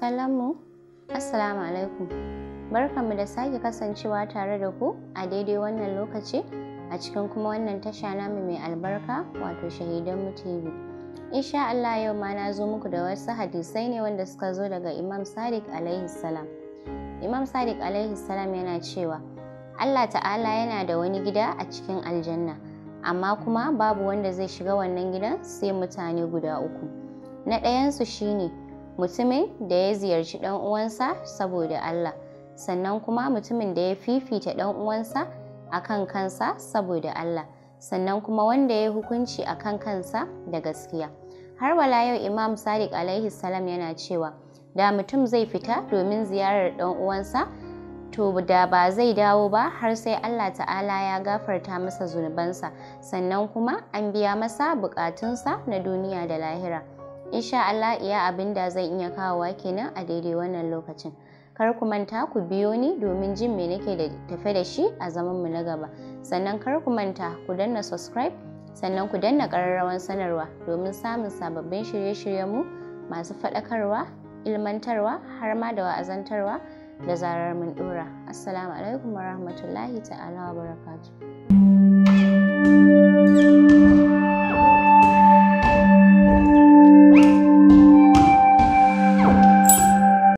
masu mu alaikum barkanmu da sake kasancewa tare da ku a daidai wannan lokaci a cikin kuma wannan tasha namu mai albarka wato shahidan tv insha Allah yau ma na zo muku da wasu hadisai ne wanda suka zo daga imam sadiq alaihi salam imam sadiq alaihi salam yana cewa Allah ta'ala yana da wani gida a cikin aljanna amma kuma babu wanda zai shiga wannan gidan sai mutane guda uku na ɗayansu shine mutumin da ya ziyarci ɗan uwansa saboda Allah sannan kuma mutumin da ya fifita ɗan uwansa akan kansa saboda Allah sannan kuma wanda ya hukunci a kan kansa da gaskiya har wala yau Imam Sadiq alaihi salam yana cewa da mutum zai fita domin ziyarar ɗan uwansa to da ba zai dawo ba har sai Allah ta'ala ya gafarta masa zunubansa sannan kuma an biya masa bukatunsa na duniya da lahira. insha Allah iya abin da zan iya kawowa kenan a daidai wannan lokacin kar ku manta ku biyo ni domin jin me nake da tafe da shi a zaman mu na gaba sannan kar ku manta ku danna subscribe sannan ku danna ƙararrawan sanarwa domin samun sababbin shirye shiryen mu masu faɗakarwa ilmantarwa har ma da wa'azantarwa da zarar mun ɗora assalamu alaikum warahmatullahi ta'ala wa barakatuh